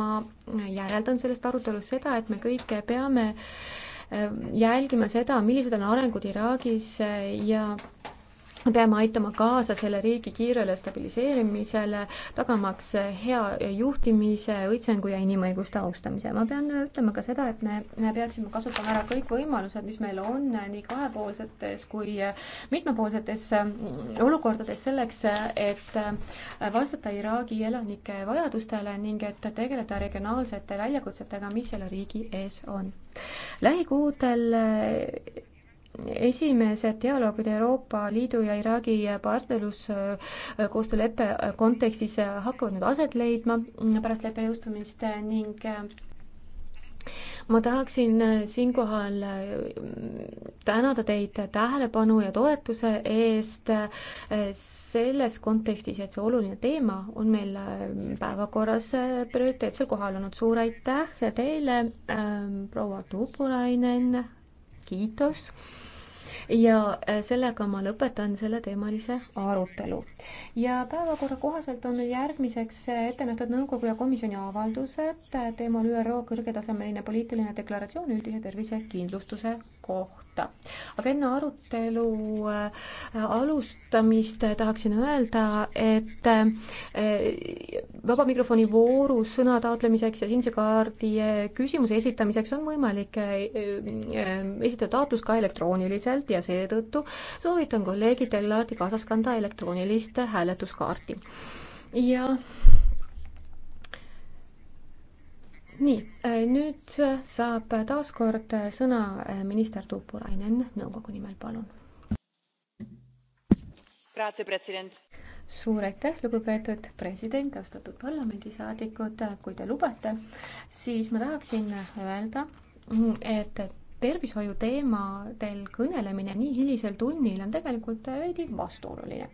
ma järeldan sellest arutelust seda, et me kõik peame äh, jälgima seda, millised on arengud Iraagis äh, ja peame aitama kaasa selle riigi kiirele stabiliseerimisele, tagamaks hea juhtimise, õitsengu ja inimõiguste austamise. ma pean ütlema ka seda, et me, me peaksime kasutama ära kõik võimalused, mis meil on nii kahepoolsetes kui mitmepoolsetes mm, olukordades selleks, et vastata Iraagi elanike vajadustele ning et tegeleda regionaalsete väljakutsetega, mis selle riigi ees on. lähikuudel esimesed dialoogid Euroopa Liidu ja Iraagi partnerluskoostööleppe kontekstis hakkavad nüüd aset leidma pärast leppe jõustumist ning äh, ma tahaksin äh, siinkohal äh, tänada teid tähelepanu ja toetuse eest selles kontekstis, et see oluline teema on meil päevakorras prioriteetsel kohal olnud. suur aitäh teile ähm,, proua Tuupurainen Kiitos ja äh, sellega ma lõpetan selleteemalise arutelu. ja päevakorra kohaselt on meil järgmiseks ette nähtud nõukogu ja komisjoni avaldused äh, teemal ÜRO kõrgetasemeline poliitiline deklaratsioon üldise tervisekindlustuse kohta. aga enne arutelu äh, alustamist tahaksin öelda, et äh, vaba mikrofoni voorus sõna taotlemiseks ja sinise kaardi äh, küsimuse esitamiseks on võimalik esitada taotlus ka elektrooniliselt ja seetõttu soovitan kolleegidel alati kaasas kanda elektroonilist hääletuskaarti. ja nii, äh, nüüd saab taas kord sõna äh, minister Tuupurainen nõukogu nimel, palun. suur aitäh, lugupeetud president, austatud parlamendisaadikud, äh, kui te lubate, siis ma tahaksin öelda, et tervishoiu teemadel kõnelemine nii hilisel tunnil on tegelikult veidi vastuoluline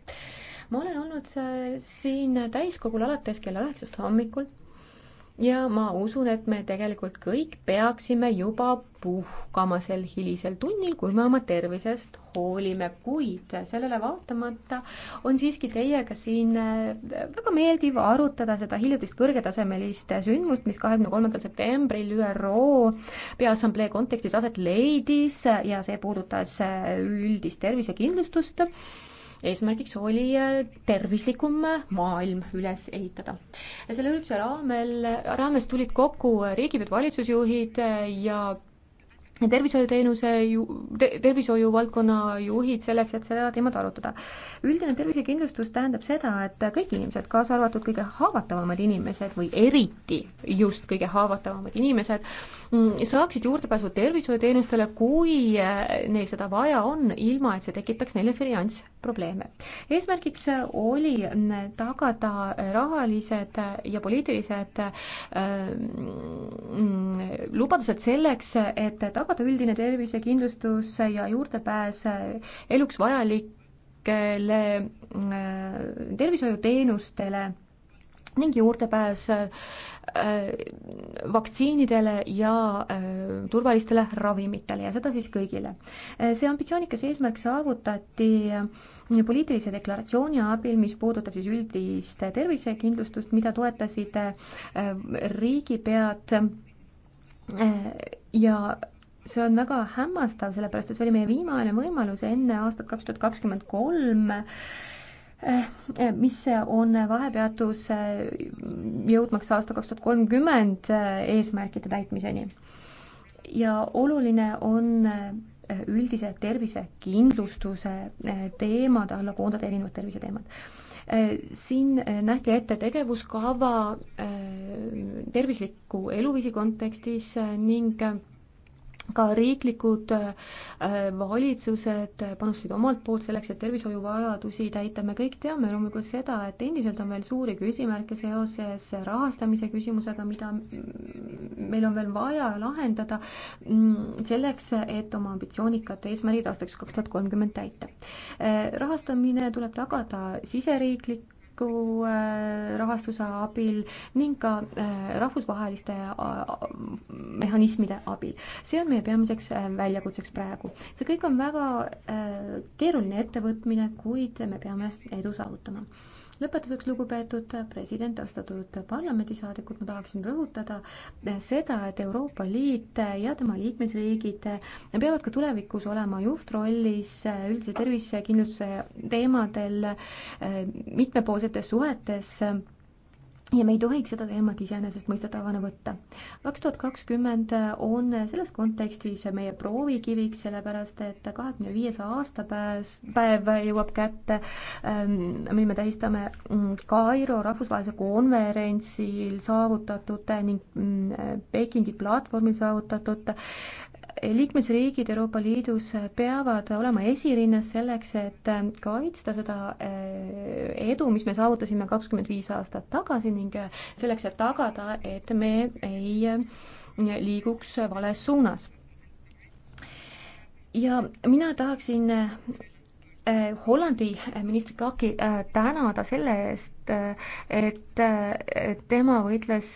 ma olen olnud siin täiskogul alates kella üheksast hommikul ja ma usun, et me tegelikult kõik peaksime juba puhkama sel hilisel tunnil, kui me oma tervisest hoolime, kuid sellele vaatamata on siiski teiega siin äh, väga meeldiv arutada seda hiljutist kõrgetasemelist sündmust, mis kahekümne kolmandal septembril ÜRO Peaassamblee kontekstis aset leidis ja see puudutas äh, üldist tervisekindlustust eesmärgiks oli äh, tervislikum äh, maailm üles ehitada. selle ürituse raamel, raames tulid kokku riigipead, valitsusjuhid äh, ja tervishoiuteenuse ju te,, tervishoiu valdkonna juhid selleks, et seda teemat arutada. üldine tervisekindlustus tähendab seda, et kõik inimesed, kaasa arvatud kõige haavatavamad inimesed või eriti just kõige haavatavamad inimesed, mm, saaksid juurdepääsu tervishoiuteenustele, kui eh, neil seda vaja on, ilma et see tekitaks neile finantsprobleeme. eesmärgiks oli mm, tagada rahalised ja poliitilised äh, lubadused selleks, et tagada tagada üldine tervisekindlustus ja juurdepääs eluks vajalikele äh, tervishoiuteenustele ning juurdepääs äh, vaktsiinidele ja äh, turvalistele ravimitele ja seda siis kõigile. see ambitsioonikas eesmärk saavutati poliitilise deklaratsiooni abil, mis puudutab siis üldist tervisekindlustust, mida toetasid riigipead ja see on väga hämmastav, sellepärast et see oli meie viimane võimalus enne aastat kaks tuhat kakskümmend kolm eh, mis on vahepeatus eh, jõudmaks aasta kaks tuhat kolmkümmend eh, eesmärkide täitmiseni. ja oluline on üldise tervisekindlustuse teemad alla koondada erinevad terviseteemad. siin nähti ette tegevuskava tervisliku eluviisi kontekstis ning ka riiklikud äh, valitsused panustasid omalt poolt selleks, et tervishoiuvajadusi täita, me kõik teame loomulikult seda, et endiselt on veel suuri küsimärke seoses rahastamise küsimusega, mida meil on veel vaja lahendada mm, selleks, et oma ambitsioonikad eesmärgid aastaks kaks tuhat kolmkümmend täita. Äh, rahastamine tuleb tagada siseriiklik, avaliku äh, rahastuse abil ning ka äh, rahvusvaheliste äh, mehhanismide abil. see on meie peamiseks väljakutseks praegu. see kõik on väga keeruline ettevõtmine, kuid me peame edu saavutama lõpetuseks, lugupeetud president, austatud parlamendisaadikud, ma tahaksin rõhutada seda, et Euroopa Liit ja tema liikmesriigid peavad ka tulevikus olema juhtrollis üldise tervisekindlustuse teemadel mitmepoolsetes suhetes ja me ei tohiks seda teemat iseenesestmõistetavana võtta. kaks tuhat kakskümmend on selles kontekstis meie proovikiviks, sellepärast et kahekümne viies aastapäev, päev jõuab kätte, ähm, mil me tähistame mm, Kairo rahvusvahelise konverentsil saavutatud ning mm, Pekingi platvormil saavutatud liikmesriigid Euroopa Liidus peavad olema esirinnas selleks, et kaitsta seda eh, edu, mis me saavutasime kakskümmend viis aastat tagasi ning eh, selleks, et tagada, et me ei eh, liiguks vales suunas. ja mina tahaksin Eh, Hollandi eh, ministrit Laaki eh, tänada selle eest, et tema võitles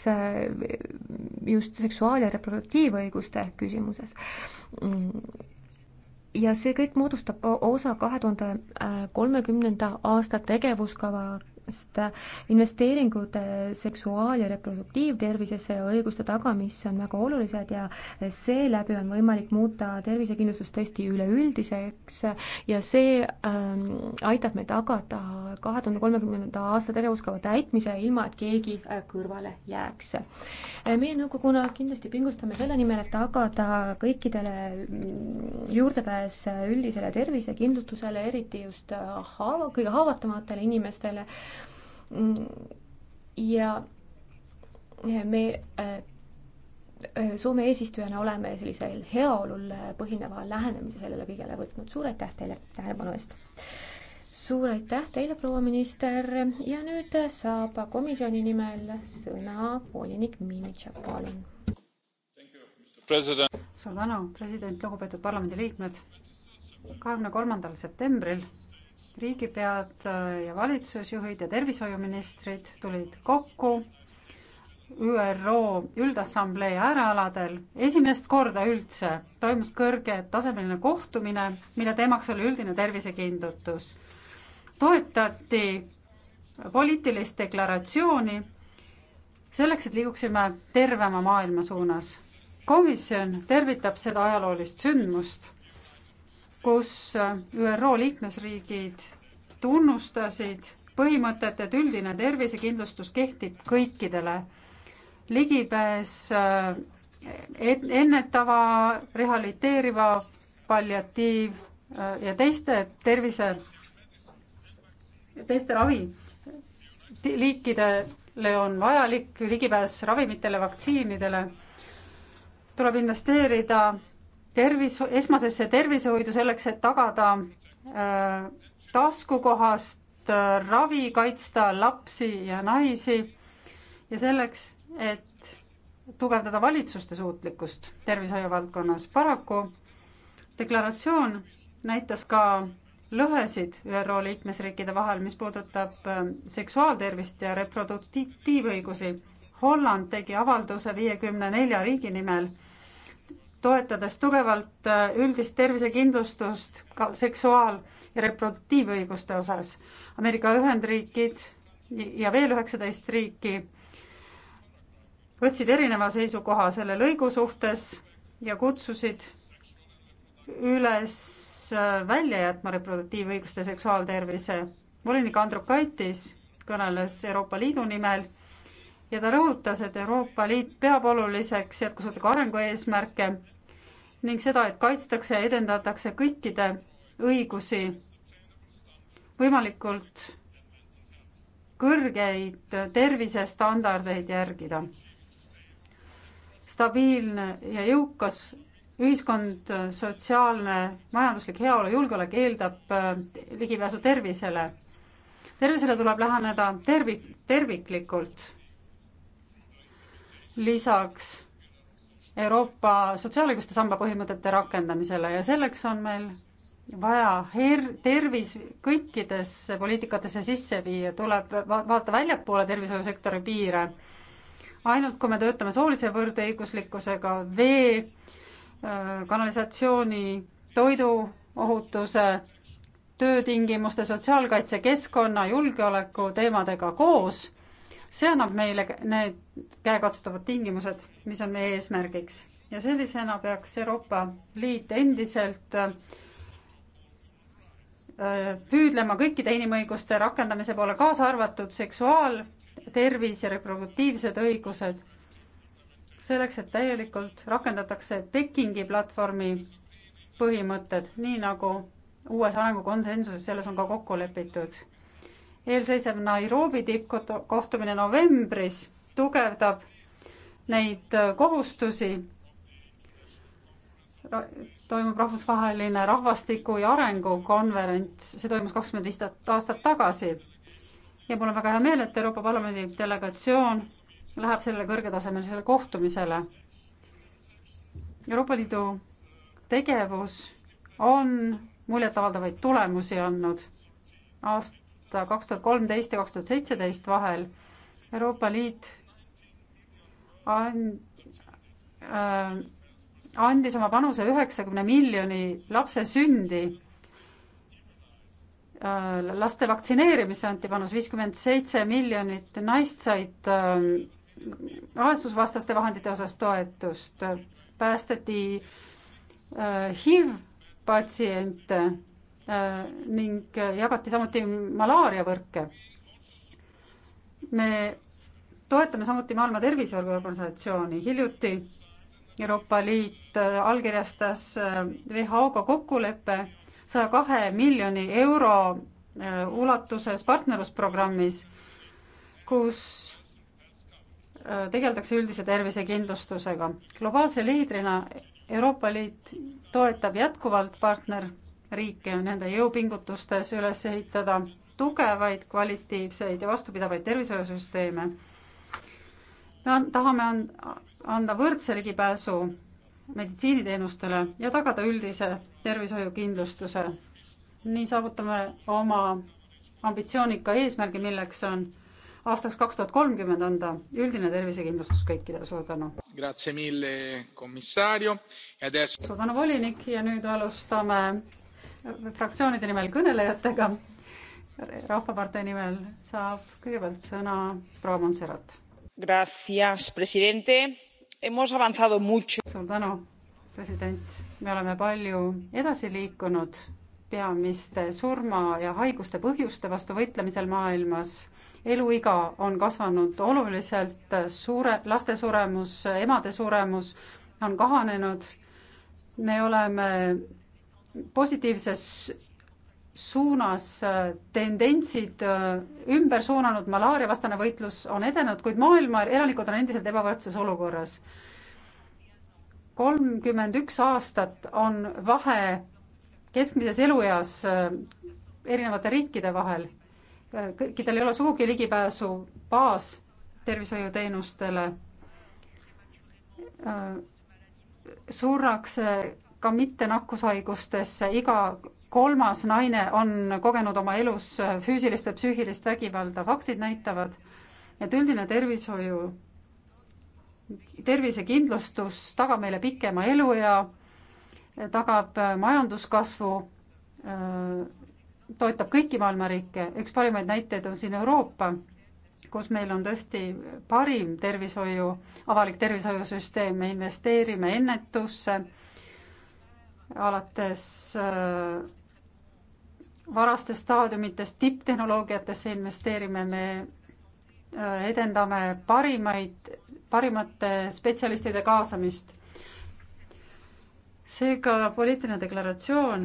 just seksuaal- ja reproduktiivõiguste küsimuses. Mm. ja see kõik moodustab osa kahe tuhande kolmekümnenda aasta tegevuskava sest investeeringud seksuaal- ja reproduktiivtervisesse ja õiguste tagamisse on väga olulised ja seeläbi on võimalik muuta tervisekindlustus tõesti üleüldiseks ja see ähm, aitab meil tagada kahe tuhande kolmekümnenda aasta tegevuskava täitmise, ilma et keegi äh, kõrvale jääks. Äh, meie nõukoguna kindlasti pingustame selle nimel, et tagada kõikidele mm, juurdepääs üldisele tervisekindlustusele, eriti just äh, haava, kõige haavatavamatele inimestele, Mm, ja me äh, äh, Soome eesistujana oleme sellisel heaolul äh, põhineva lähenemise sellele kõigele võtnud. suur aitäh teile tähelepanu eest! suur aitäh teile, proua minister ja nüüd saab komisjoni nimel sõna volinik Mimitšak, palun. suur tänu, president, lugupeetud parlamendiliikmed. kahekümne kolmandal septembril riigipead äh, ja valitsusjuhid ja tervishoiuministrid tulid kokku ÜRO Üldassamblee äärealadel. esimest korda üldse toimus kõrgetasemeline kohtumine, mille teemaks oli üldine tervisekindlutus. toetati poliitilist deklaratsiooni selleks, et liiguksime tervema maailma suunas. komisjon tervitab seda ajaloolist sündmust kus ÜRO liikmesriigid tunnustasid põhimõtet, et üldine tervisekindlustus kehtib kõikidele. ligipääs äh, ennetava, rehabiliteeriva, palliatiiv äh, ja teiste tervise, teiste ravi liikidele on vajalik ligipääs ravimitele, vaktsiinidele, tuleb investeerida tervis, esmasesse tervishoidu selleks, et tagada äh, taskukohast äh, ravi, kaitsta lapsi ja naisi ja selleks, et tugevdada valitsuste suutlikkust tervishoiu valdkonnas. paraku deklaratsioon näitas ka lõhesid ÜRO liikmesriikide vahel, mis puudutab äh, seksuaaltervist ja reproduktiivõigusi. Holland tegi avalduse viiekümne nelja riigi nimel toetades tugevalt äh, üldist tervisekindlustust ka seksuaal- ja reproduktiivõiguste osas. Ameerika Ühendriigid ja veel üheksateist riiki võtsid erineva seisukoha selle lõigu suhtes ja kutsusid üles äh, välja jätma reproduktiivõiguste seksuaaltervise. volinik Andrukaitis kõneles Euroopa Liidu nimel ja ta rõhutas, et Euroopa Liit peab oluliseks jätkusuutliku arengu eesmärke ning seda, et kaitstakse ja edendatakse kõikide õigusi võimalikult kõrgeid tervisestandardeid järgida. stabiilne ja jõukas ühiskond, sotsiaalne, majanduslik heaolu, julgeolek eeldab äh, ligipääsu tervisele. tervisele tuleb läheneda tervik, terviklikult. lisaks Euroopa sotsiaalõiguste samba põhimõtete rakendamisele ja selleks on meil vaja her-, tervis kõikidesse poliitikatesse sisse viia, tuleb va-, vaata väljapoole tervishoiusektori piire. ainult kui me töötame soolise võrdõiguslikkusega, vee, kanalisatsiooni, toiduohutuse, töötingimuste, sotsiaalkaitse, keskkonna, julgeoleku teemadega koos see annab meile need käekatsutavad tingimused, mis on meie eesmärgiks ja sellisena peaks Euroopa Liit endiselt äh, püüdlema kõikide inimõiguste rakendamise poole, kaasa arvatud seksuaal, tervis ja reproduktiivsed õigused. selleks, et täielikult rakendatakse Pekingi platvormi põhimõtted, nii nagu uues arengukonsensuses selles on ka kokku lepitud eelseisev Nairobi tippkohtumine novembris tugevdab neid äh, kohustusi. toimub rahvusvaheline rahvastiku ja arengukonverents, see toimus kakskümmend viis aastat tagasi. ja mul on väga hea meel, et Euroopa Parlamendi delegatsioon läheb sellele kõrgetasemelisele kohtumisele. Euroopa Liidu tegevus on muljetavaldavaid tulemusi andnud. aast-, aasta kaks tuhat kolmteist ja kaks tuhat seitseteist vahel Euroopa Liit and, äh, andis oma panuse üheksakümne miljoni lapse sündi äh,. laste vaktsineerimisse anti panus viiskümmend seitse miljonit, naist said äh, rahastusvastaste vahendite osas toetust, päästeti äh, HIV patsiente Äh, ning äh, jagati samuti malaariavõrke. me toetame samuti Maailma Terviseorganisatsiooni, hiljuti Euroopa Liit äh, allkirjastas WHO-ga kokkuleppe saja kahe miljoni euro ulatuses partnerlusprogrammis, kus tegeldakse üldise tervisekindlustusega. globaalse liidrina Euroopa Liit toetab jätkuvalt partner riike nende jõupingutustes üles ehitada tugevaid, kvalitatiivseid ja vastupidavaid tervishoiusüsteeme. me an-, tahame an-, anda võrdse ligipääsu meditsiiniteenustele ja tagada üldise tervishoiukindlustuse. nii saavutame oma ambitsioonika eesmärgi, milleks on aastaks kaks tuhat kolmkümmend anda üldine tervisekindlustus kõikidele, suur tänu. E suur tänu, volinik ja nüüd alustame fraktsioonide nimel kõnelejatega. rahvapartei nimel saab kõigepealt sõna proua Montserrat. suur tänu, president, me oleme palju edasi liikunud peamiste surma ja haiguste põhjuste vastu võitlemisel maailmas eluiga on kasvanud oluliselt, suure, laste suremus, emade suremus on kahanenud. me oleme positiivses suunas äh, tendentsid äh, ümber suunanud, malaariavastane võitlus on edenenud, kuid maailma elanikud on endiselt ebavõrdses olukorras. kolmkümmend üks aastat on vahe keskmises elueas äh, erinevate riikide vahel. kõikidel ei ole sugugi ligipääsu baastervishoiuteenustele. surrakse ka mittenakkushaigustesse, iga kolmas naine on kogenud oma elus füüsilist või psüühilist vägivalda. faktid näitavad, et üldine tervishoiu, tervisekindlustus tagab meile pikema eluea, tagab majanduskasvu, toetab kõiki maailma riike. üks parimaid näiteid on siin Euroopa, kus meil on tõesti parim tervishoiu, avalik tervishoiusüsteem, me investeerime ennetusse alates äh, varastest staadiumitest tipptehnoloogiatesse investeerime, me äh, edendame parimaid, parimate spetsialistide kaasamist. seega poliitiline deklaratsioon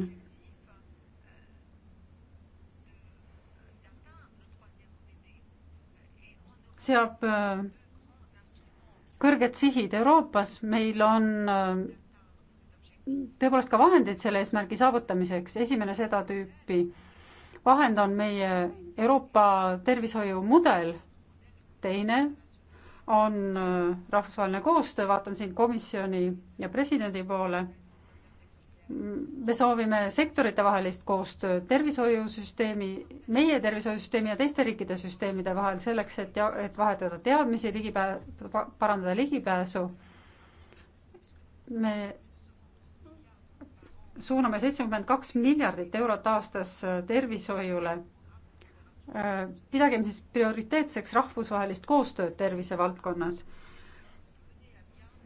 seab äh, kõrged sihid Euroopas, meil on tõepoolest ka vahendeid selle eesmärgi saavutamiseks, esimene seda tüüpi vahend on meie Euroopa tervishoiumudel, teine on äh, rahvusvaheline koostöö, vaatan siin komisjoni ja presidendi poole. me soovime sektoritevahelist koostööd tervishoiusüsteemi, meie tervishoiusüsteemi ja teiste riikide süsteemide vahel selleks, et, et vahetada teadmisi, ligipää-, parandada ligipääsu. me suuname seitsekümmend kaks miljardit eurot aastas äh, tervishoiule. Äh, pidagem siis prioriteetseks rahvusvahelist koostööd tervisevaldkonnas.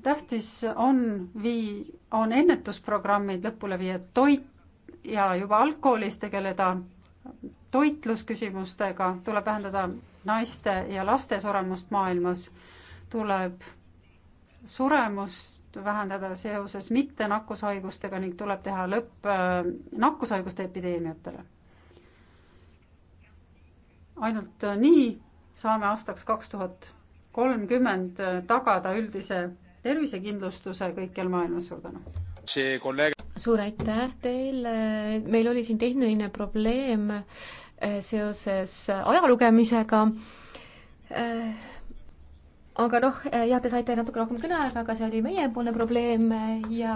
tähtis on vii-, on ennetusprogrammid lõpule viia, toit ja juba algkoolis tegeleda toitlusküsimustega, tuleb vähendada naiste ja laste suremust maailmas, tuleb suremust vähendada seoses mitte nakkushaigustega ning tuleb teha lõpp äh, nakkushaiguste epideemiatele. ainult nii saame aastaks kaks tuhat kolmkümmend äh, tagada üldise tervisekindlustuse kõikjal maailmas. suur tänu! suur aitäh teile, meil oli siin tehniline probleem äh, seoses ajalugemisega aga noh, eh, jah, te saite natuke rohkem kõneaega, aga see oli meiepoolne probleem eh, ja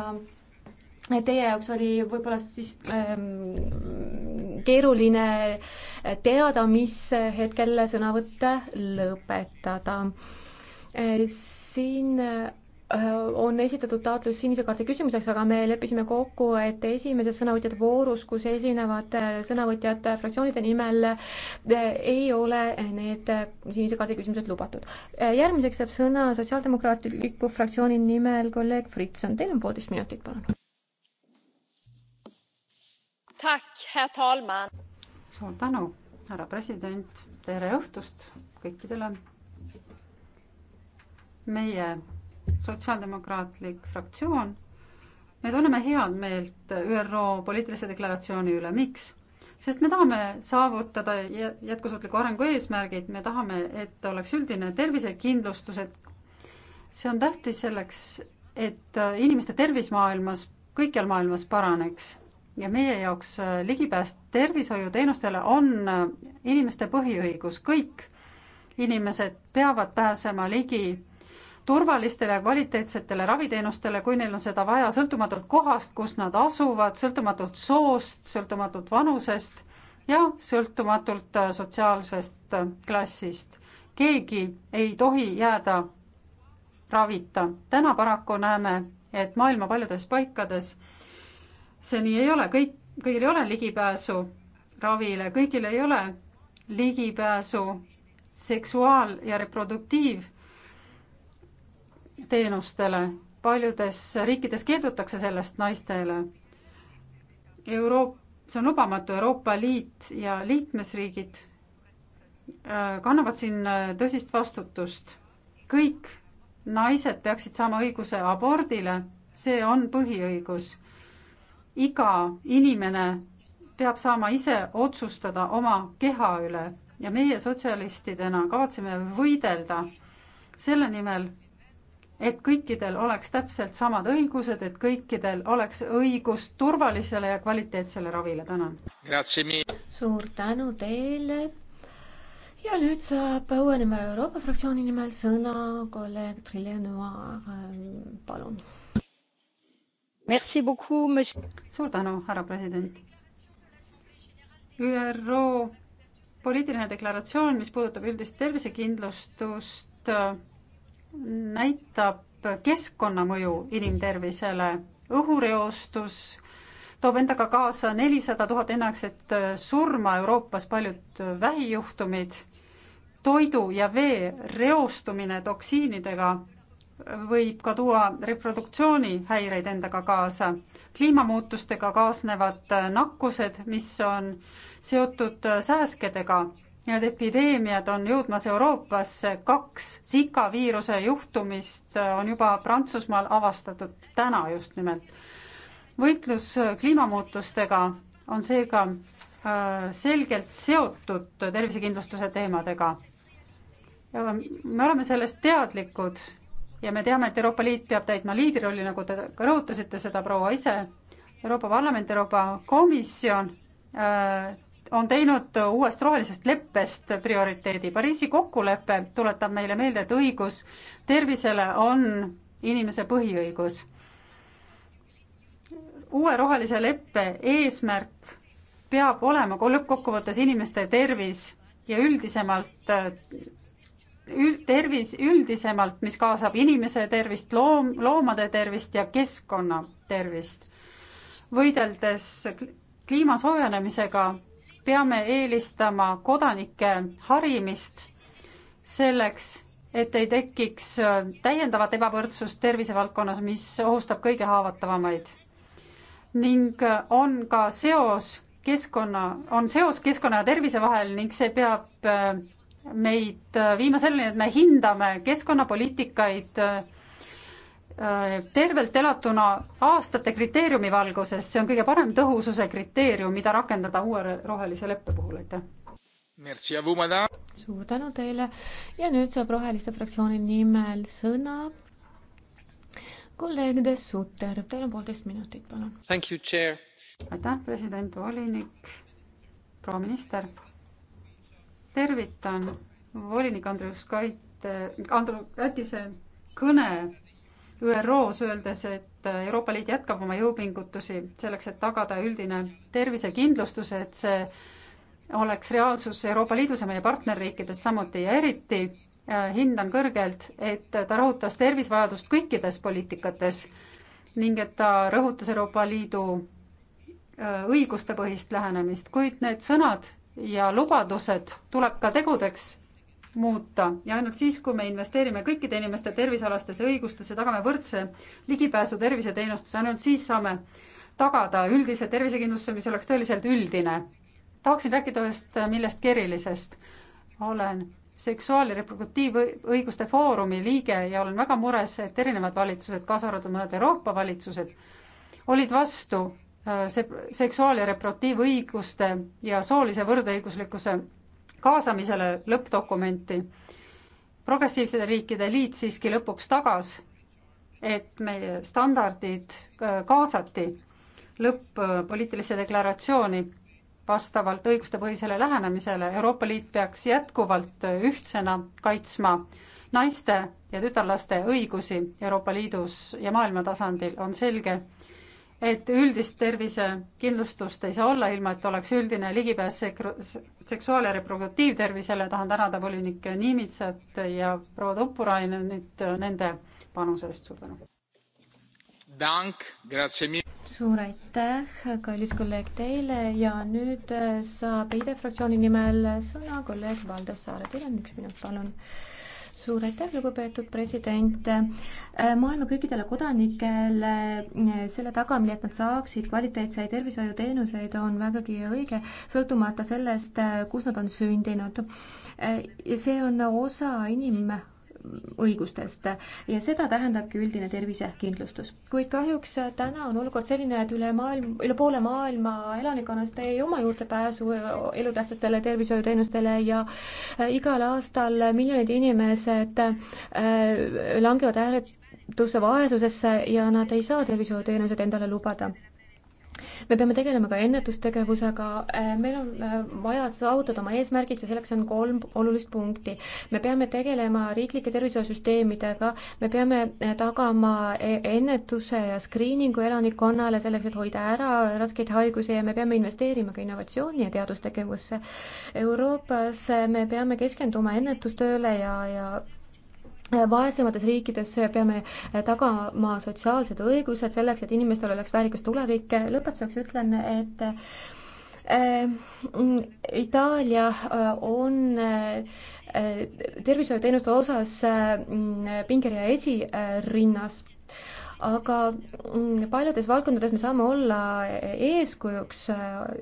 teie jaoks oli võib-olla siis ähm, keeruline teada, mis hetkel sõnavõtte lõpetada. Eh, siin Äh, on esitatud taotlus sinise kaardi küsimuseks, aga me leppisime kokku, et esimeses sõnavõtjate voorus, kus esinevad äh, sõnavõtjad äh, fraktsioonide nimel, ei ole need sinise kaardi küsimused lubatud. järgmiseks saab sõna Sotsiaaldemokraatliku fraktsiooni nimel kolleeg Fritson, teil on poolteist minutit, palun. suur tänu, härra president, tere õhtust kõikidele meie sotsiaaldemokraatlik fraktsioon, me tunneme head meelt ÜRO poliitilise deklaratsiooni üle, miks? sest me tahame saavutada jätkusuutliku arengu eesmärgid, me tahame, et oleks üldine tervisekindlustus, et see on tähtis selleks, et inimeste tervis maailmas, kõikjal maailmas paraneks ja meie jaoks ligipääs tervishoiuteenustele on inimeste põhiõigus, kõik inimesed peavad pääsema ligi turvalistele ja kvaliteetsetele raviteenustele, kui neil on seda vaja, sõltumatult kohast, kus nad asuvad, sõltumatult soost, sõltumatult vanusest ja sõltumatult äh, sotsiaalsest äh, klassist. keegi ei tohi jääda ravita. täna paraku näeme, et maailma paljudes paikades see nii ei ole, kõik, kõigil ei ole ligipääsu ravile, kõigil ei ole ligipääsu seksuaal- ja reproduktiiv- teenustele. paljudes riikides keeldutakse sellest naistele. Euroop-, see on lubamatu, Euroopa Liit ja liikmesriigid äh, kannavad siin äh, tõsist vastutust. kõik naised peaksid saama õiguse abordile, see on põhiõigus. iga inimene peab saama ise otsustada oma keha üle ja meie sotsialistidena kavatseme võidelda selle nimel, et kõikidel oleks täpselt samad õigused, et kõikidel oleks õigus turvalisele ja kvaliteetsele ravile, tänan. suur tänu teile. ja nüüd saab Uuenema Euroopa fraktsiooni nimel sõna kolleeg Trille Noir, palun. suur tänu, härra president. ÜRO poliitiline deklaratsioon, mis puudutab üldist tervisekindlustust näitab keskkonnamõju inimtervisele. õhureostus toob endaga kaasa nelisada tuhat enneaegset äh, surma Euroopas, paljud äh, vähijuhtumid, toidu ja vee reostumine toksiinidega äh, võib ka tuua reproduktsioonihäireid endaga kaasa. kliimamuutustega kaasnevad nakkused, mis on seotud sääskedega Need epideemiad on jõudmas Euroopasse, kaks Zika viiruse juhtumist äh, on juba Prantsusmaal avastatud, täna just nimelt. võitlus äh, kliimamuutustega on seega äh, selgelt seotud tervisekindlustuse teemadega. me oleme sellest teadlikud ja me teame, et Euroopa Liit peab täitma liidrirolli, nagu te ka rõhutasite seda proua ise, Euroopa Parlament, Euroopa Komisjon on teinud uuest rohelisest leppest prioriteedi. Pariisi kokkulepe tuletab meile meelde, et õigus tervisele on inimese põhiõigus. uue rohelise leppe eesmärk peab olema lõppkokkuvõttes inimeste tervis ja üldisemalt üld, tervis üldisemalt, mis kaasab inimese tervist, loom, loomade tervist ja keskkonna tervist. võideldes kliima soojenemisega peame eelistama kodanike harimist selleks, et ei tekiks äh, täiendavat ebavõrdsust tervisevaldkonnas, mis ohustab kõige haavatavamaid. ning äh, on ka seos keskkonna, on seos keskkonna ja tervise vahel ning see peab äh, meid viima selleni, et me hindame keskkonnapoliitikaid Äh, tervelt elatuna aastate kriteeriumi valguses, see on kõige parem tõhususe kriteerium, mida rakendada uue rohelise leppe puhul, aitäh. suur tänu teile ja nüüd saab Roheliste fraktsiooni nimel sõna kolleeg De Sutter, teil on poolteist minutit, palun. aitäh, president, volinik, proua minister. tervitan volinik Andrus Kait, äh, Andrus Kätise kõne ÜRO-s, öeldes, et Euroopa Liit jätkab oma jõupingutusi selleks, et tagada üldine tervisekindlustus, et see oleks reaalsus Euroopa Liidus ja meie partnerriikides samuti ja eriti äh, hindan kõrgelt, et ta rõhutas tervisevajadust kõikides poliitikates ning et ta rõhutas Euroopa Liidu äh, õigustepõhist lähenemist, kuid need sõnad ja lubadused tuleb ka tegudeks muuta ja ainult siis, kui me investeerime kõikide inimeste tervisealastesse õigustesse, tagame võrdse ligipääsu terviseteenustesse, ainult siis saame tagada üldise tervisekindlustuse, mis oleks tõeliselt üldine. tahaksin rääkida ühest millestki erilisest. olen seksuaal- ja reproduktiivõiguste foorumi liige ja olen väga mures, et erinevad valitsused, kaasa arvatud mõned Euroopa valitsused, olid vastu äh, see seksuaal- ja reproduktiivõiguste ja soolise võrdõiguslikkuse kaasamisele lõppdokumenti. progressiivsete riikide liit siiski lõpuks tagas, et meie standardid äh, kaasati lõpp-poliitilisse deklaratsiooni vastavalt õigustepõhisele lähenemisele. Euroopa Liit peaks jätkuvalt ühtsena kaitsma naiste ja tütarlaste õigusi Euroopa Liidus ja maailma tasandil. on selge, et üldist tervisekindlustust ei saa olla, ilma et oleks üldine ligipääs seksuaal- ja reproduktiivtervisele, tahan tänada volinik Niimitsat ja proua Tuppurainenit nende panuse eest, suur tänu! suur aitäh, kallis kolleeg teile ja nüüd saab IDE fraktsiooni nimel sõna kolleeg Valdes Saare, teil on üks minut, palun suur aitäh, lugupeetud president. Äh, maailma kõikidele kodanikele äh, selle tagamine, et nad saaksid kvaliteetseid tervishoiuteenuseid, on vägagi õige, sõltumata sellest, äh, kus nad on sündinud. see on osa inim- õigustest ja seda tähendabki üldine tervisekindlustus. kuid kahjuks täna on olukord selline, et üle maailm, üle poole maailma elanikkonnast ei oma juurdepääsu elutähtsatele tervishoiuteenustele ja äh, igal aastal miljonid inimesed äh, langevad ääretusse vaesusesse ja nad ei saa tervishoiuteenuseid endale lubada me peame tegelema ka ennetustegevusega, äh, meil on äh, vaja saavutada oma eesmärgiks ja selleks on kolm olulist punkti. me peame tegelema riiklike tervishoiusüsteemidega, me peame äh, tagama ennetuse ja skriiningu elanikkonnale selleks, et hoida ära raskeid haigusi ja me peame investeerima ka innovatsiooni ja teadustegevusse. Euroopas me peame keskenduma ennetustööle ja, ja vaesemates riikides peame tagama sotsiaalsed õigused selleks, et inimestel oleks väärikas tulevik. lõpetuseks ütlen, et äh, Itaalia äh, on äh, tervishoiuteenuste osas pingerea esirinnas aga mm, paljudes valdkondades me saame olla eeskujuks äh,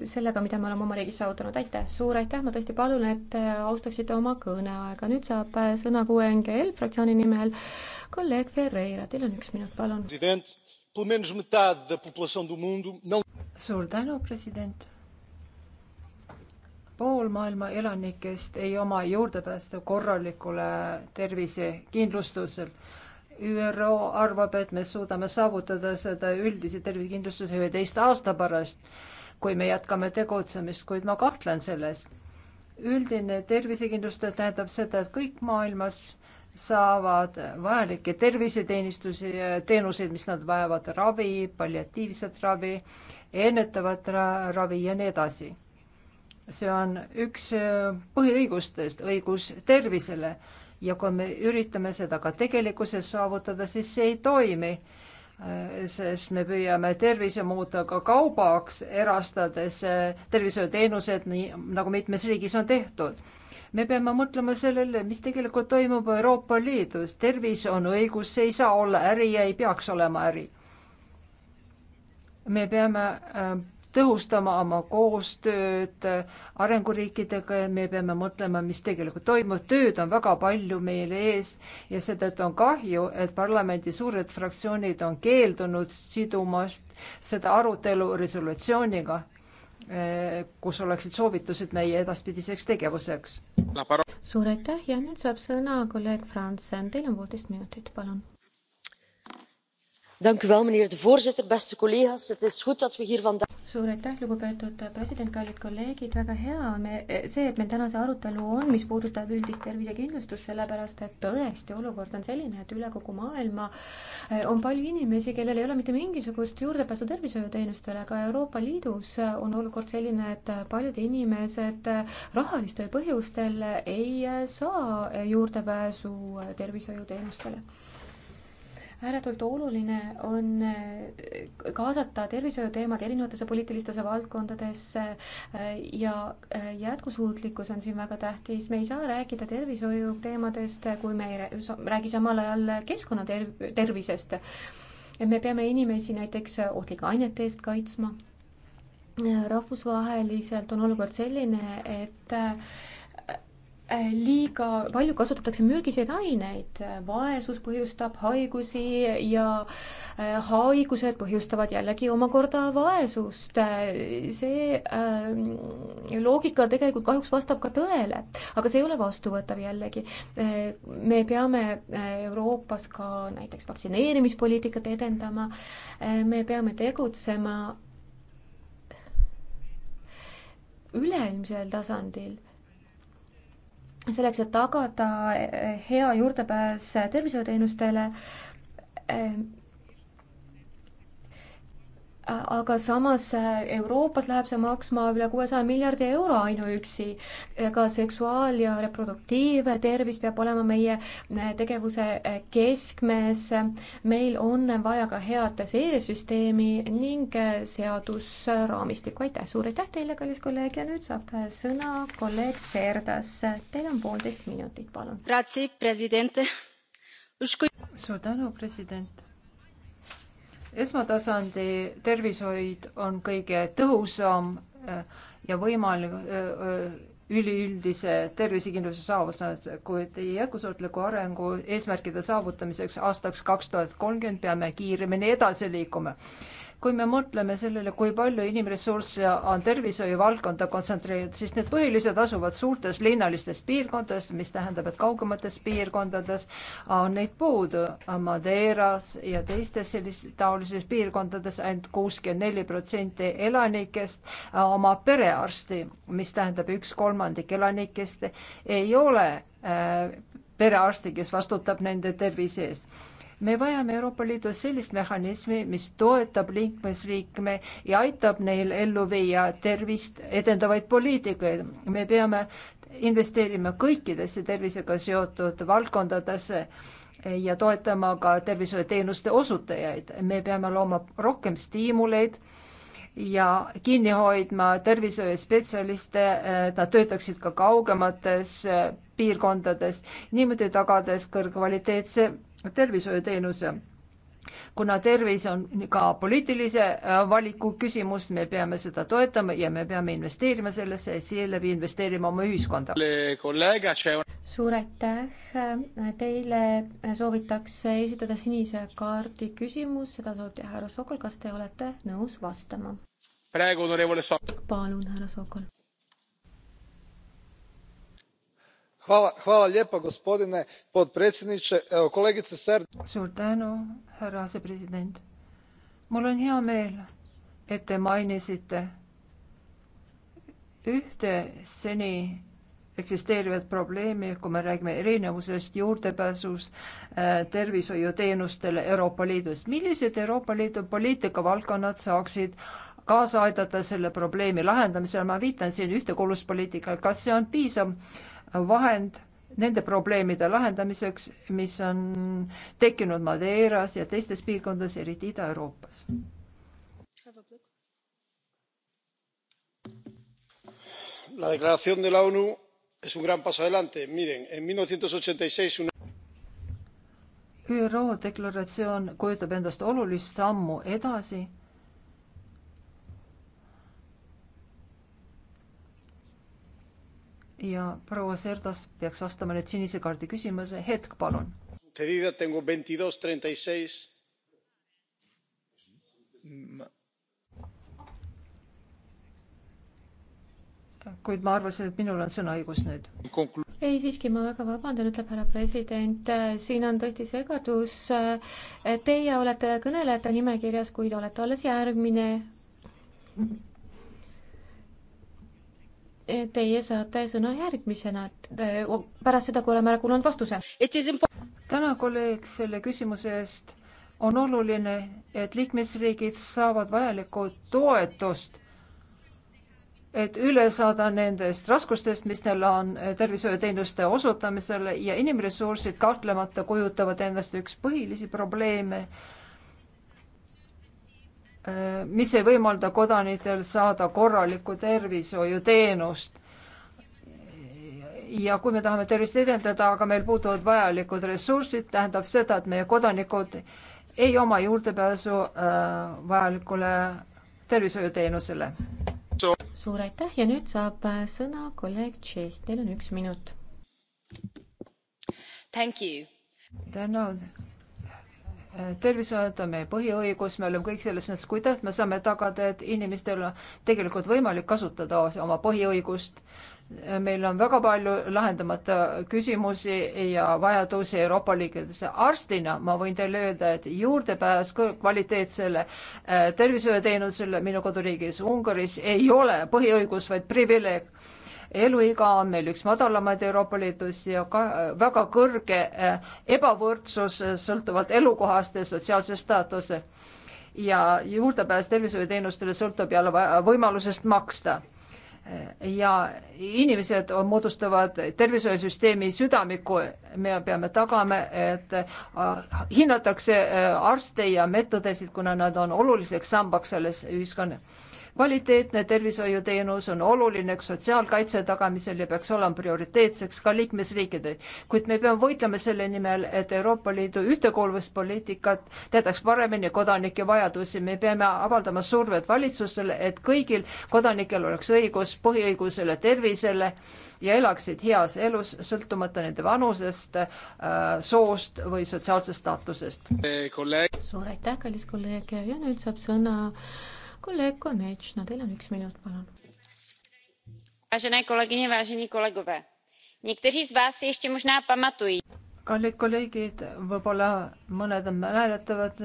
sellega, mida me oleme oma riigis saavutanud, aitäh, suur aitäh, ma tõesti palun, et te äh, austaksite oma kõneaega, nüüd saab äh, sõna QNGL fraktsiooni nimel kolleeg Ferreira, teil on üks minut, palun. suur tänu, president pool maailma elanikest ei oma juurdepääsu korralikule tervisekindlustusel ÜRO arvab, et me suudame saavutada seda üldise tervisekindlustuse üheteist aasta pärast, kui me jätkame tegutsemist, kuid ma kahtlen selles. üldine tervisekindlustus tähendab seda, et kõik maailmas saavad vajalikke terviseteenistusi, teenuseid, mis nad vajavad, ravi, palliatiivset ravi, ennetavat ravi ja nii edasi. see on üks äh, põhiõigustest, õigus tervisele ja kui me üritame seda ka tegelikkuses saavutada, siis see ei toimi. Äh, sest me püüame tervise muuta ka kaubaks, erastades äh, tervishoiuteenused, nii nagu mitmes riigis on tehtud me peame mõtlema sellele, mis tegelikult toimub Euroopa Liidus. tervis on õigus, see ei saa olla äri ja ei peaks olema äri. me peame äh, tõhustama oma koostööd arenguriikidega ja me peame mõtlema, mis tegelikult toimub, tööd on väga palju meil ees ja seetõttu on kahju, et parlamendi suured fraktsioonid on keeldunud sidumast seda arutelu resolutsiooniga, kus oleksid soovitused meie edaspidiseks tegevuseks. suur aitäh ja nüüd saab sõna kolleeg Franzen, teil on poolteist minutit, palun het is goed dat we hier vandaag. suur aitäh, lugupeetud president, kallid kolleegid, väga hea on me, see, et meil täna see arutelu on, mis puudutab üldist tervisekindlustust, sellepärast et tõesti olukord on selline, et üle kogu maailma eh, on palju inimesi, kellel ei ole mitte mingisugust juurdepääsu tervishoiuteenustele, ka Euroopa Liidus on olukord selline, et paljud inimesed eh, rahalistel põhjustel ei eh, saa juurdepääsu tervishoiuteenustele ääretult oluline on äh, kaasata tervishoiuteemad erinevatesse poliitilistesse valdkondadesse äh, ja äh, jätkusuutlikkus on siin väga tähtis. me ei saa rääkida tervishoiuteemadest, kui me ei räägi samal ajal keskkonna ter-, tervisest. me peame inimesi näiteks ohtlike ainete eest kaitsma. rahvusvaheliselt on olukord selline, et Äh, liiga palju kasutatakse mürgiseid aineid, äh, vaesus põhjustab haigusi ja äh, haigused põhjustavad jällegi omakorda vaesust. see äh, loogika tegelikult kahjuks vastab ka tõele, aga see ei ole vastuvõetav jällegi. me peame Euroopas ka näiteks vaktsineerimispoliitikat edendama, me peame tegutsema üleilmsel tasandil selleks, et tagada eh, hea juurdepääs tervishoiuteenustele eh, Äh, aga samas äh, Euroopas läheb see maksma üle kuuesaja miljardi euro ainuüksi. Äh, ka seksuaal- ja reproduktiivtervis peab olema meie tegevuse keskmes. meil on vaja ka head seiresüsteemi ning seadusraamistikku. aitäh, suur aitäh teile, kallis kolleeg ja nüüd saab sõna kolleeg Serdas. Teil on poolteist minutit, palun. suur tänu, president esmatasandi tervishoid on kõige tõhusam äh, ja võimalik äh, äh, üliüldise tervisekindluse saavutamiseks, kuid jätkusuutliku arengu eesmärkide saavutamiseks aastaks kaks tuhat kolmkümmend peame kiiremini edasi liikuma kui me mõtleme sellele, kui palju inimressursse on tervishoiu valdkonda kontsentreeritud, siis need põhilised asuvad suurtes linnalistes piirkondades, mis tähendab, et kaugemates piirkondades on neid puudu. Madeiras ja teistes sellistes taolises piirkondades ainult kuuskümmend neli protsenti elanikest äh, omab perearsti, mis tähendab, üks kolmandik elanikest ei ole äh, perearsti, kes vastutab nende tervise eest me vajame Euroopa Liidus sellist mehhanismi, mis toetab liikmesriikme ja aitab neil ellu viia tervist edendavaid poliitikaid. me peame investeerima kõikidesse tervisega seotud valdkondadesse ja toetama ka tervishoiuteenuste osutajaid. me peame looma rohkem stiimuleid ja kinni hoidma tervishoiuspetsialiste, et nad töötaksid ka kaugemates piirkondades, niimoodi tagades kõrgkvaliteetse tervishoiuteenuse kuna tervis on ka poliitilise äh, valiku küsimus, me peame seda toetama ja me peame investeerima sellesse ja seeläbi investeerima oma ühiskonda. suur aitäh, äh, teile äh, soovitakse esitada sinise kaardi küsimus, seda soovib teha härra Sokol, kas te olete nõus vastama? palun, härra Sokol gospodine predsjedniče mul on hea meel et te mainisite ühte seni eksisteerivat probleemi kui me räägime erinevusest juurdepääsus äh, tervishoiuteenustele euroopa liidus. millised euroopa liidu poliitikavaldkonnad saaksid kaasa aidata selle probleemi lahendamisele ma viitan siin ühtekuuluvuspoliitikale kas see on piisav vahend nende probleemide lahendamiseks, mis on tekkinud Madeiras ja teistes piirkondades, eriti Ida-Euroopas. La declaración de la ONU es un gran paso adelante. Miren, en 1986 un... ÜRO deklaratsioon kujutab endast olulist sammu edasi ja proua Serdas peaks vastama nüüd sinise kaardi küsimuse, hetk palun. kuid ma arvasin, et minul on sõnaõigus nüüd. ei, siiski ma väga vabandan, ütleb härra president, siin on tõesti segadus. Teie olete kõnelejate nimekirjas, kuid olete alles järgmine Eh, teie saate sõna järgmisena, eh, pärast seda, kui oleme ära kuulanud vastuse. tänan, kolleeg, selle küsimuse eest. on oluline, et liikmesriigid saavad vajalikku toetust, et üle saada nendest raskustest, mis neil on eh, tervishoiuteenuste osutamisel ja inimressursid kahtlemata kujutavad endast üks põhilisi probleeme mis ei võimalda kodanikel saada korralikku tervishoiuteenust. ja kui me tahame tervist edendada, aga meil puuduvad vajalikud ressursid, tähendab seda, et meie kodanikud ei oma juurdepääsu äh, vajalikule tervishoiuteenusele. suur aitäh ja nüüd saab äh, sõna kolleeg Tšehh, teil on üks minut. tänan tervishoid on meie põhiõigus, me oleme kõik selles mõttes, kuidas me saame tagada, et inimestel on tegelikult võimalik kasutada oma põhiõigust. meil on väga palju lahendamata küsimusi ja vajadusi Euroopa liikidesse. arstina ma võin teile öelda, et juurdepääs kvaliteetsele äh, tervishoiuteenusele minu koduriigis Ungaris ei ole põhiõigus, vaid privileeg eluiga on meil üks madalamaid Euroopa Liidus ja ka väga kõrge eh, ebavõrdsus eh, sõltuvalt elukohast ja sotsiaalse staatuse. ja juurdepääs tervishoiuteenustele sõltub jälle võimalusest maksta eh, ja inimesed on, moodustavad tervishoiusüsteemi südamiku, me peame tagama, et hinnatakse arste ja medõdesid, kuna nad on oluliseks sambaks selles ühiskonnas kvaliteetne tervishoiuteenus on oluline sotsiaalkaitse tagamisel ja peaks olema prioriteetseks ka liikmesriikidel, kuid me peame võitlema selle nimel, et Euroopa Liidu ühtekuuluvuspoliitikat teadaks paremini kodanike vajadusi, me peame avaldama survet valitsusele, et kõigil kodanikel oleks õigus põhiõigusele, tervisele ja elaksid heas elus, sõltumata nende vanusest, äh, soost või sotsiaalsest staatusest. suur aitäh, kallis kolleeg ja nüüd saab sõna kolleeg Konečna, teil on üks minut, palun. Vážené kolegyně, vážení kolegové, někteří z vás si ještě možná pamatují. kallid kolleegid, võib-olla mõned mäletavad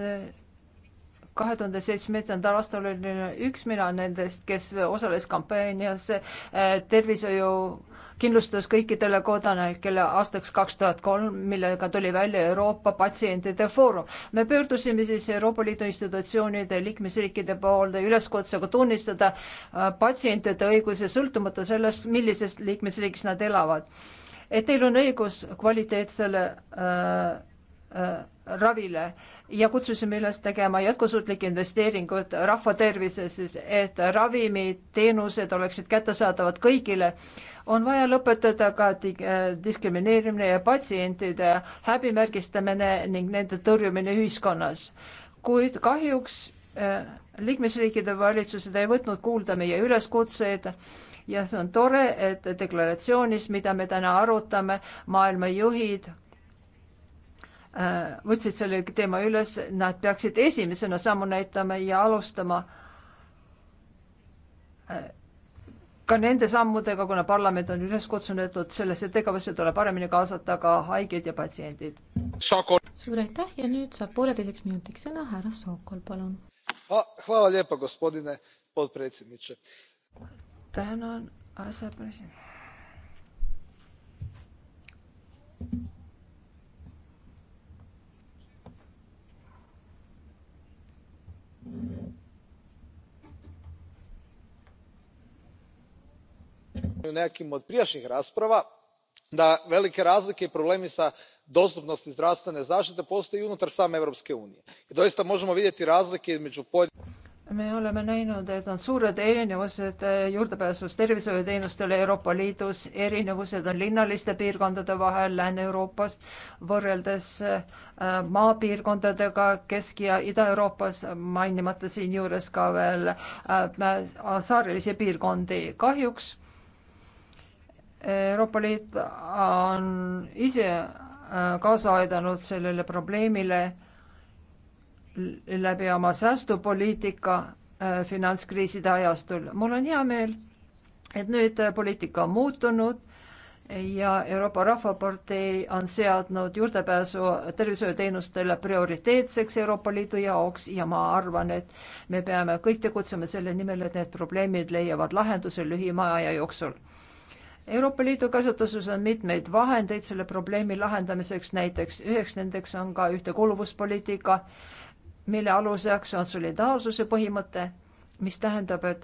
kahe tuhande seitsmendal aastal olin üks mina nendest, kes osales kampaanias eh, tervishoiu kindlustus kõikidele kodanikele aastaks kaks tuhat kolm, millega tuli välja Euroopa Patsientide Foorum. me pöördusime siis Euroopa Liidu institutsioonide liikmesriikide poole üleskutsega tunnistada äh, patsientide õigusi sõltumata sellest, millises liikmesriigis nad elavad. et neil on õigus kvaliteetsele äh, äh, ravile ja kutsusime üles tegema jätkusuutlikke investeeringuid rahvatervisesse, et ravimid, teenused oleksid kättesaadavad kõigile. on vaja lõpetada ka äh, diskrimineerimine ja patsientide häbimärgistamine ning nende tõrjumine ühiskonnas. kuid kahjuks äh, liikmesriikide valitsused ei võtnud kuulda meie üleskutseid ja see on tore, et deklaratsioonis, mida me täna arutame, maailma juhid Äh, võtsid selle teema üles, nad peaksid esimesena sammu näitama ja alustama äh, ka nende sammudega, kuna parlament on üles kutsunud, et sellesse tegevusse tuleb paremini kaasata ka haiged ja patsiendid. suur aitäh ja nüüd saab pooleteiseks minutiks sõna härra Sokol, palun. tänan, asepresident u nekim od prijašnjih rasprava da velike razlike i problemi s dostupnosti zdravstvene zaštite postoje i unutar same europske unije i doista možemo vidjeti razlike između pojedinih država članica me oleme näinud, et on suured erinevused eh, juurdepääsus tervishoiuteenustele Euroopa Liidus, erinevused on linnaliste piirkondade vahel Lääne-Euroopast võrreldes eh, maapiirkondadega Kesk- ja Ida-Euroopas, mainimata siinjuures ka veel eh, saarelisi piirkondi. kahjuks Euroopa Liit on ise kaasa aidanud sellele probleemile läbi oma säästupoliitika äh, finantskriiside ajastul. mul on hea meel, et nüüd äh, poliitika on muutunud ja Euroopa Rahvapartei on seadnud juurdepääsu tervishoiuteenustele prioriteetseks Euroopa Liidu jaoks ja ma arvan, et me peame kõik tegutsema selle nimel, et need probleemid leiavad lahenduse lühima aja jooksul. Euroopa Liidu kasutuses on mitmeid vahendeid selle probleemi lahendamiseks, näiteks üheks nendeks on ka ühtekuuluvuspoliitika mille aluseks on solidaarsuse põhimõte, mis tähendab, et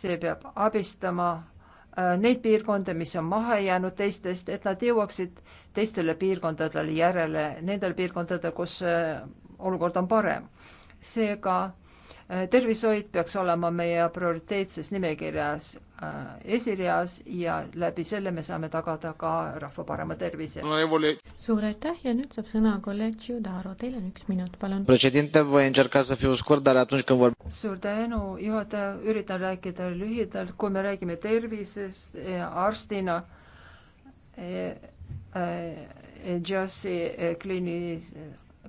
see peab abistama äh, neid piirkondi, mis on maha jäänud teistest, et nad jõuaksid teistele piirkondadele järele, nendel piirkondadel, kus äh, olukord on parem. seega Äh, tervishoid peaks olema meie prioriteetses nimekirjas äh, esireas ja läbi selle me saame tagada ka rahva parema tervise. suur aitäh ja nüüd saab sõna kolleeg Tšiudaro, teil on üks minut, palun. suur tänu, juhataja, üritan rääkida lühidalt, kui me räägime tervisest e, arstina e,. E, e Jossi e, kliinis,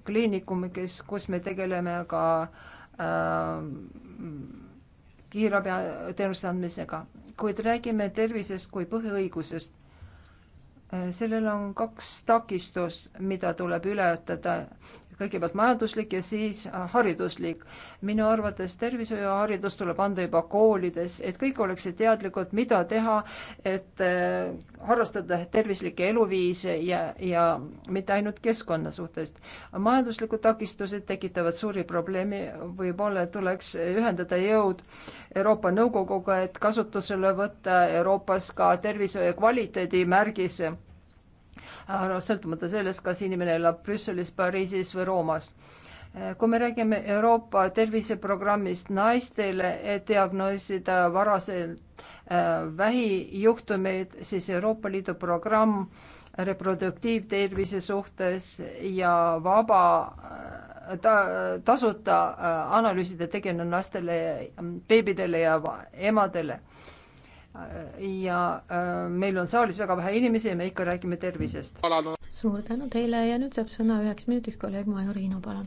kliinikum, kes, kus me tegeleme ka äh, Äh, kiirabiteenuste andmisega, kuid räägime tervisest kui põhiõigusest. Äh, sellel on kaks takistust, mida tuleb ületada kõigepealt majanduslik ja siis äh, hariduslik. minu arvates tervishoiuharidus tuleb anda juba koolides, et kõik oleksid teadlikud, mida teha, et äh, harrastada tervislikke eluviise ja, ja mitte ainult keskkonna suhtes. majanduslikud takistused tekitavad suuri probleeme, võib-olla tuleks ühendada jõud Euroopa Nõukoguga, et kasutusele võtta Euroopas ka tervishoiu kvaliteedimärgis Äh, sõltumata sellest, kas inimene elab Brüsselis, Pariisis või Roomas äh, kui me räägime Euroopa terviseprogrammist naistele, et diagnoosida varaselt äh, vähijuhtumeid, siis Euroopa Liidu programm reproduktiivtervise suhtes ja vaba ta, tasuta analüüside tegemine lastele, beebidele ja emadele ja äh, meil on saalis väga vähe inimesi ja me ikka räägime tervisest. suur tänu teile ja nüüd saab sõna üheks minutiks kolleeg Majorino, palun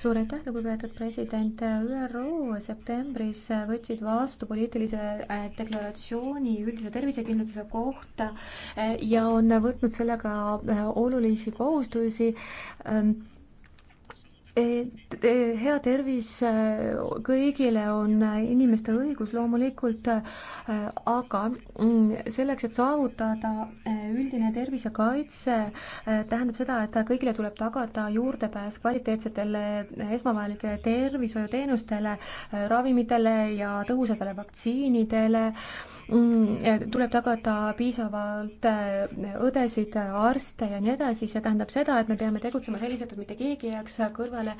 suur aitäh, lugupeetud president. ÜRO septembris võtsid vastu poliitilise äh, deklaratsiooni üldise tervisekindlustuse kohta äh, ja on võtnud sellega olulisi kohustusi ähm, Eh, hea tervis eh, kõigile on eh, inimeste õigus loomulikult, aga mm, selleks, et saavutada üldine tervisekaitse, tähendab seda, et kõigile tuleb tagada juurdepääs kvaliteetsetele esmavajalike tervishoiuteenustele, ravimitele ja tõhusatele vaktsiinidele Mm, tuleb tagada piisavalt äh, õdesid, arste ja nii edasi, see tähendab seda, et me peame tegutsema selliselt, et mitte keegi ei jääks kõrvale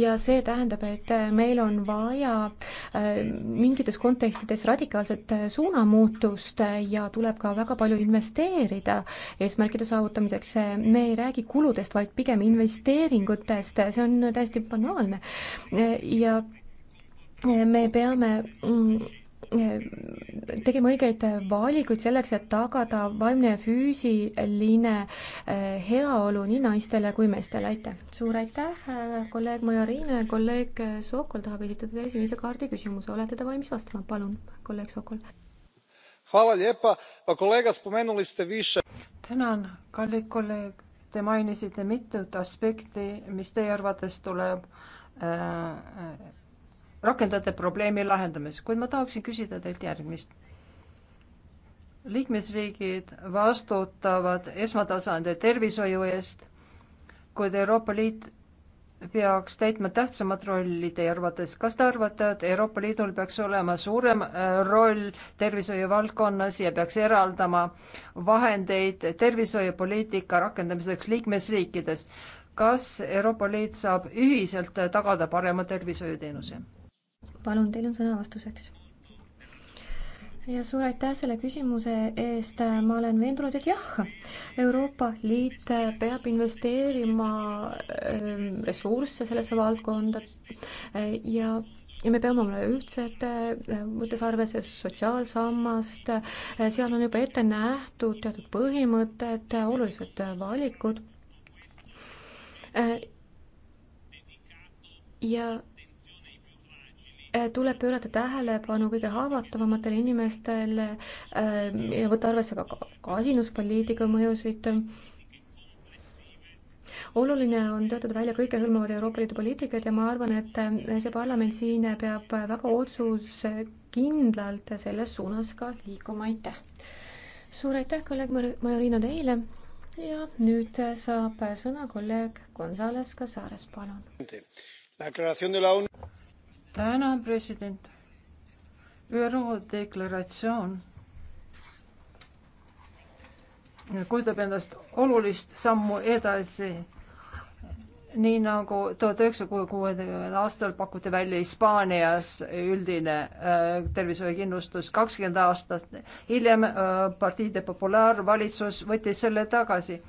ja see tähendab, et äh, meil on vaja äh, mingites kontekstides radikaalset suunamuutust ja tuleb ka väga palju investeerida eesmärkide saavutamiseks. me ei räägi kuludest, vaid pigem investeeringutest, see on täiesti banaalne ja me peame mm, tegema õigeid valikuid selleks, et tagada vaimne ja füüsiline eh, heaolu nii naistele kui meestele, aitäh! suur aitäh, kolleeg Majoriine, kolleeg Sokol tahab esitada teile sinise kaardi küsimuse, olete te valmis vastama, palun, kolleeg Sokol? tänan, kallid kolleeg, te mainisite mitut aspekti, mis teie arvates tuleb äh, rakendate probleemi lahendamiseks, kuid ma tahaksin küsida teilt järgmist. liikmesriigid vastutavad esmatasandi tervishoiu eest, kuid Euroopa Liit peaks täitma tähtsamat rolli teie arvates. kas te arvate, et Euroopa Liidul peaks olema suurem äh, roll tervishoiu valdkonnas ja peaks eraldama vahendeid tervishoiupoliitika rakendamiseks liikmesriikides? kas Euroopa Liit saab ühiselt tagada parema tervishoiuteenuse? palun, teil on sõna vastuseks ja suur aitäh selle küsimuse eest, ma olen veendunud, et jah, Euroopa Liit peab investeerima ähm, ressursse sellesse valdkonda ja ja me peame olema ühtsed, äh, võttes arvesse sotsiaalsammast, seal on juba ette nähtud teatud põhimõtted, olulised valikud. Äh, ja Eh, tuleb pöörata tähelepanu kõige haavatavamatele inimestele eh, ja võtta arvesse ka kasinuspoliitika mõjusid. oluline on töötada välja kõikehõlmavad Euroopa Liidu poliitikad ja ma arvan, et eh, see parlament siin peab väga otsusekindlalt selles suunas ka liikuma, aitäh. suur aitäh, kolleeg Majorino teile ja nüüd saab sõna kolleeg Gonzales Casares, palun tänan, president. ÜRO deklaratsioon kujutab endast olulist sammu edasi, nii nagu tuhat üheksasaja kuuekümnendal aastal pakuti välja Hispaanias üldine äh, tervishoiukindlustus kakskümmend aastat. hiljem äh, Partide Populaar valitsus võttis selle tagasi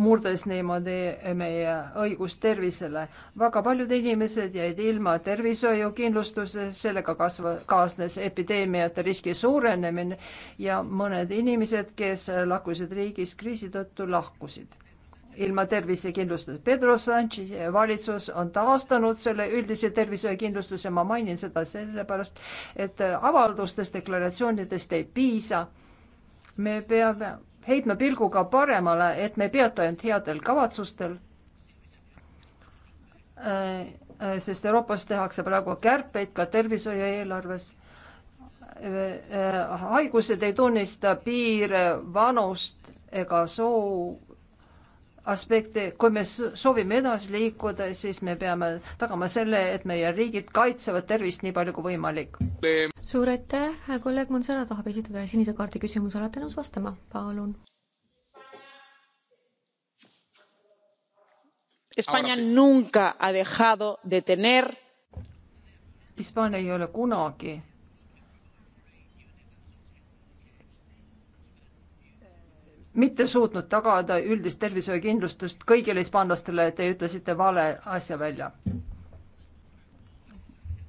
murdes niimoodi meie õigust tervisele. väga paljud inimesed jäid ilma tervishoiukindlustuse, sellega kasva, kaasnes epideemiate riski suurenemine ja mõned inimesed, kes lahkusid riigist kriisi tõttu, lahkusid ilma tervisekindlustuse. Pedro Sanchez valitsus on taastanud selle üldise tervishoiukindlustuse, ma mainin seda sellepärast, et avaldustest, deklaratsioonidest ei piisa. me peame heitme pilguga paremale, et me ei peatu ainult headel kavatsustel, äh, äh, sest Euroopas tehakse praegu kärpeid ka tervishoiu eelarves. Äh, haigused ei tunnista piire, vanust ega soo aspekte, kui me soovime edasi liikuda, siis me peame tagama selle, et meie riigid kaitsevad tervist nii palju kui võimalik suur aitäh, kolleeg Monsera tahab esitada sinise kaardi küsimuse, olete nõus vastama, palun? España nunca ha dejado de tener Hispaania ei ole kunagi mitte suutnud tagada üldist tervishoiukindlustust kõigile hispaanlastele, te ütlesite vale asja välja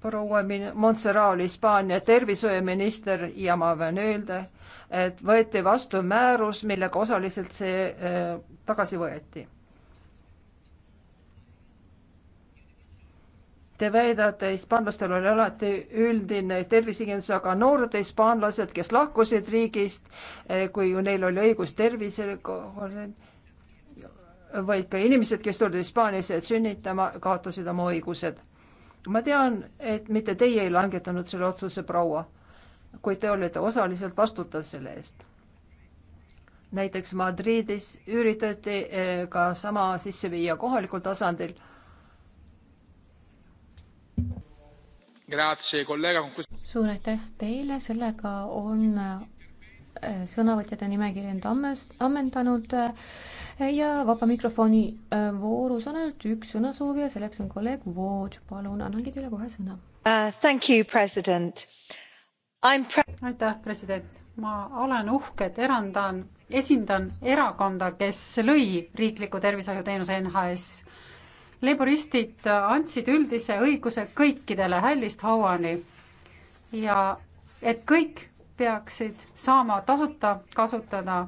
proua Montserrat, Hispaania tervishoiuminister ja ma pean öelda, et võeti vastu määrus, millega osaliselt see äh, tagasi võeti. Te väidate, hispaanlastel oli alati üldine tervisekindlus, aga noored hispaanlased, kes lahkusid riigist äh,, kui ju neil oli õigus tervisele, vaid ka inimesed, kes tulid Hispaaniasse sünnitama, kaotasid oma õigused ma tean, et mitte teie ei langetanud selle otsuse, proua, kuid te olete osaliselt vastutav selle eest. näiteks Madridis üritati eh, ka sama sisse viia kohalikul tasandil. suur aitäh teile, sellega on sõnavõtjate nimekiri on ammendanud eh, ja vaba mikrofoni eh, voorus on ainult üks sõnasoovija, selleks on kolleeg Vood, palun annangi teile kohe sõna uh,. Thank you, president. Pre aitäh, president, ma olen uhke, et erandan, esindan erakonda, kes lõi riikliku tervishoiuteenuse NHS laboristid andsid üldise õiguse kõikidele hällist hauani ja et kõik peaksid saama tasuta kasutada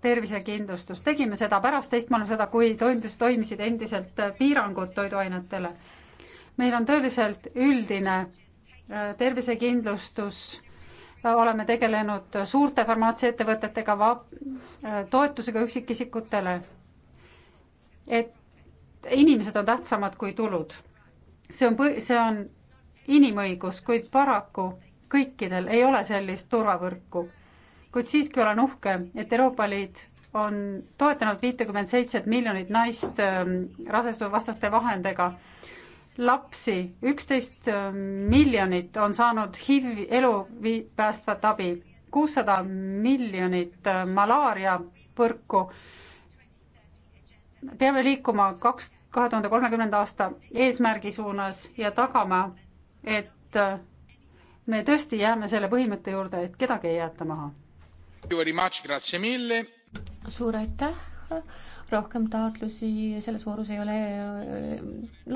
tervisekindlustust. tegime seda pärast teist maailmasõda, kui toimus, toimisid endiselt piirangud toiduainetele. meil on tõeliselt üldine äh, tervisekindlustus, oleme tegelenud suurte farmaatsiaettevõtetega, äh, toetusega üksikisikutele, et inimesed on tähtsamad kui tulud. see on, see on inimõigus, kuid paraku kõikidel ei ole sellist turvavõrku, kuid siiski olen uhke, et Euroopa Liit on toetanud viitekümmet seitset miljonit naist ähm, rasestuvastaste vahendega. lapsi, üksteist ähm, miljonit on saanud HIV elu päästvat abi, kuussada miljonit äh, malaariavõrku. peame liikuma kaks, kahe tuhande kolmekümnenda aasta eesmärgi suunas ja tagama, et äh, me tõesti jääme selle põhimõtte juurde, et kedagi ei jäeta maha. suur aitäh, rohkem taotlusi selles voorus ei ole äh,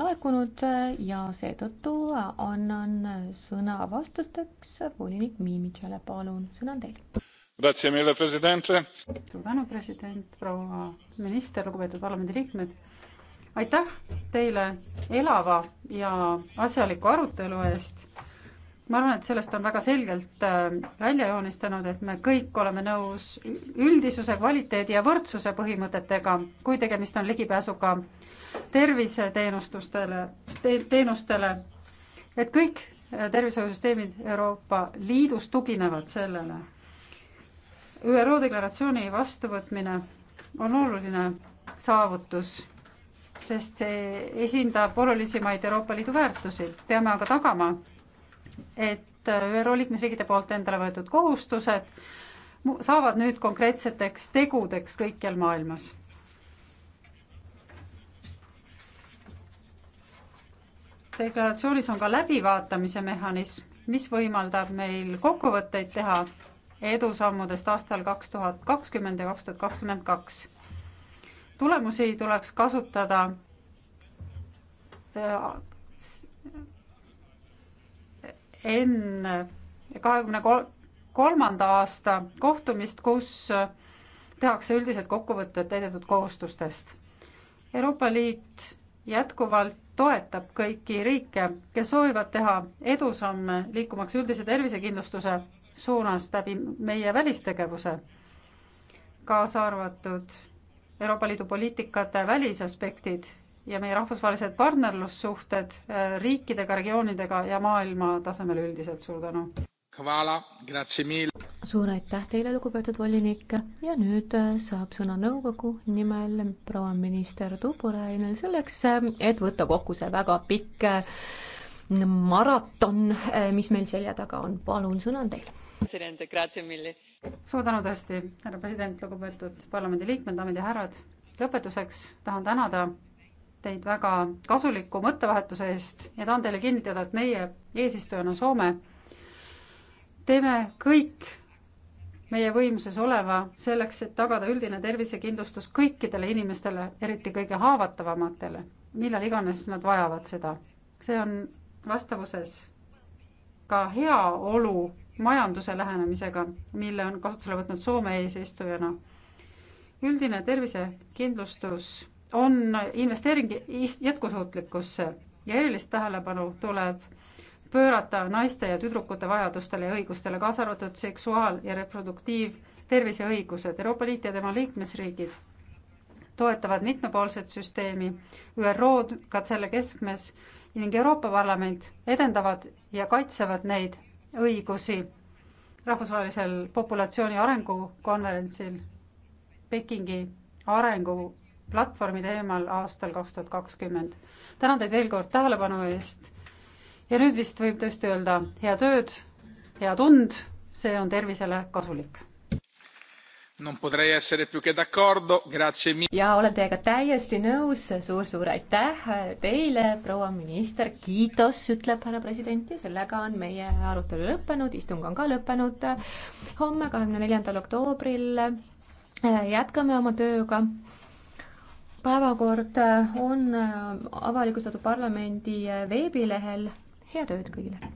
laekunud ja seetõttu annan sõna vastusteks volinik Miimitsale, palun, sõna on teil. suur tänu, president, proua minister, lugupeetud parlamendiliikmed aitäh teile elava ja asjaliku arutelu eest ma arvan, et sellest on väga selgelt äh, välja joonistanud, et me kõik oleme nõus üldisuse, kvaliteedi ja võrdsuse põhimõtetega, kui tegemist on ligipääsuga terviseteenustustele te,, teenustele, et kõik äh, tervishoiusüsteemid Euroopa Liidus tuginevad sellele. ÜRO deklaratsiooni vastuvõtmine on oluline saavutus, sest see esindab olulisemaid Euroopa Liidu väärtusi. peame aga tagama, et ÜRO liikmesriigide poolt endale võetud kohustused saavad nüüd konkreetseteks tegudeks kõikjal maailmas. deklaratsioonis on ka läbivaatamise mehhanism, mis võimaldab meil kokkuvõtteid teha edusammudest aastal kaks tuhat kakskümmend ja kaks tuhat kakskümmend kaks. tulemusi tuleks kasutada äh, enne kahekümne kolmanda aasta kohtumist, kus tehakse üldised kokkuvõtted täidetud kohustustest. Euroopa Liit jätkuvalt toetab kõiki riike, kes soovivad teha edusamme liikumaks üldise tervisekindlustuse suunas läbi meie välistegevuse, kaasa arvatud Euroopa Liidu poliitikate välisaspektid ja meie rahvusvahelised partnerlussuhted äh, riikidega, regioonidega ja maailma tasemel üldiselt. suur tänu! suur aitäh teile, lugupeetud volinik ja nüüd äh, saab sõna nõukogu nimel proua minister Tuupurainen selleks, äh, et võtta kokku see väga pikk maraton, mis meil selja taga on. palun, sõna on teil. suur tänu tõesti, härra president, lugupeetud parlamendiliikmed, daamid ja härrad. lõpetuseks tahan tänada teid väga kasuliku mõttevahetuse eest ja tahan teile kinnitada, et meie eesistujana Soome teeme kõik meie võimuses oleva selleks, et tagada üldine tervisekindlustus kõikidele inimestele, eriti kõige haavatavamatele, millal iganes nad vajavad seda. see on vastavuses ka heaolu majanduse lähenemisega, mille on kasutusele võtnud Soome eesistujana. üldine tervisekindlustus on investeering jätkusuutlikkusse ja erilist tähelepanu tuleb pöörata naiste ja tüdrukute vajadustele ja õigustele, kaasa arvatud seksuaal- ja reproduktiivtervise õigused. Euroopa Liit ja tema liikmesriigid toetavad mitmepoolset süsteemi, ÜRO-d ka selle keskmes ning Euroopa Parlament edendavad ja kaitsevad neid õigusi rahvusvahelisel populatsiooni arengukonverentsil Pekingi arengu platvormi teemal aastal kaks tuhat kakskümmend. tänan teid veel kord tähelepanu eest ja nüüd vist võib tõesti öelda head ööd, head und, see on tervisele kasulik. ja olen teiega täiesti nõus suur,, suur-suur aitäh teile, proua minister, kiitos, ütleb härra president ja sellega on meie arutelu lõppenud, istung on ka lõppenud. homme, kahekümne neljandal oktoobril jätkame oma tööga päevakord äh, on äh, avalikustatud parlamendi äh, veebilehel. head ööd kõigile!